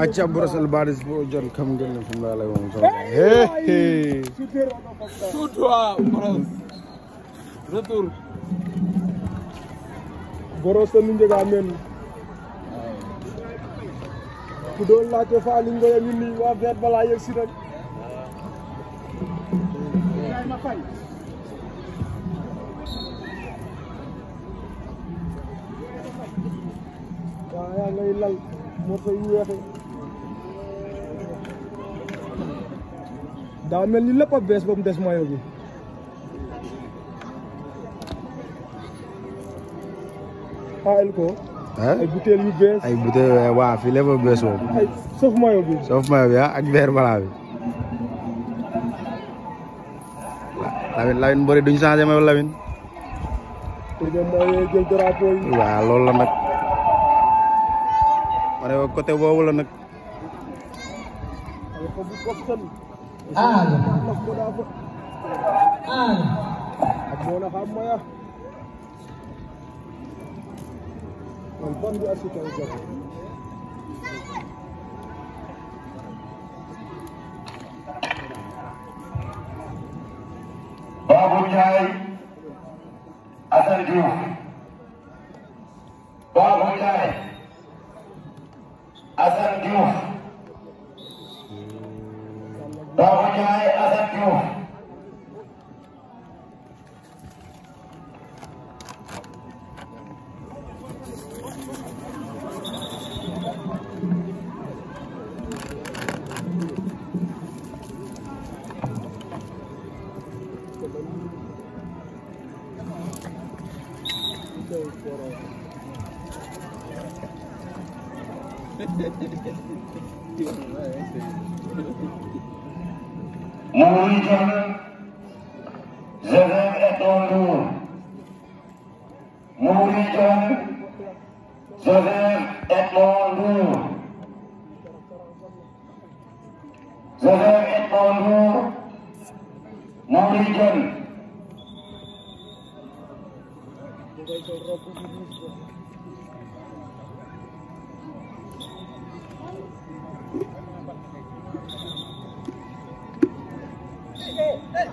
acha Brussels baris bo jon kam gel ne fum dalay won so he he sutwa Brussels retour Brussels ni njega men ku do laate fa li ngoy ni ni wa vet bala yek si rek yaa ngay lal morso daa mel ni lépp a bees ba mu des mayo bi al ah, ko ay butéel yu bees ay butéel eh, waa fii lépp a bees moom sauf mayo bi sauf mayo bi ah, ak verre blanc bi Lamine Lamine mbëri duñ changé mayo Lamine waaw loolu la nag waaye côté boobu nag. Babou Ndiaye Assane Diouf Babou Ndiaye असर क्यों तो हो जाए असर क्यों Thank you. Norwegian Zerem Etonlu Norwegian Zerem Etonlu Zerem Etonlu Norwegian Norwegian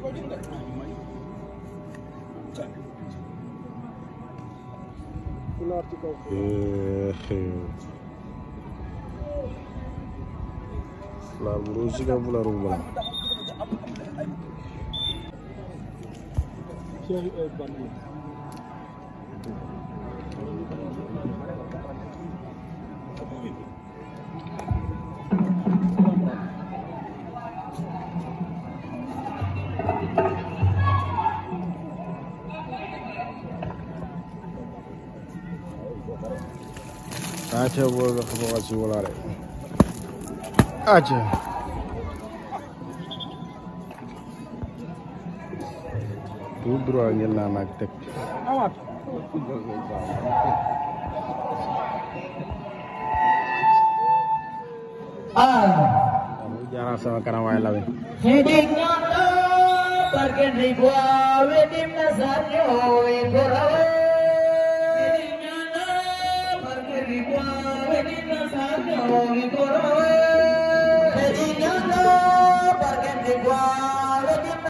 Fular buruzikan fular rumah. Siapa yang banding? aca booga xabaxasi walaare aca tout droit ngeen naa naag teg jaara sama kanam waay lawe hedik nana bargen ribo awe dimna sanyo ikora Mohit